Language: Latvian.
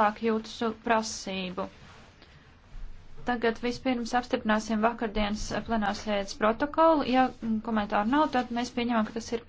labāk jūsu prasību. Tagad vispirms apstiprināsim vakardienas plenārsēdes protokolu. Ja komentāru nav, tad mēs pieņemam, ka tas ir pieņemts.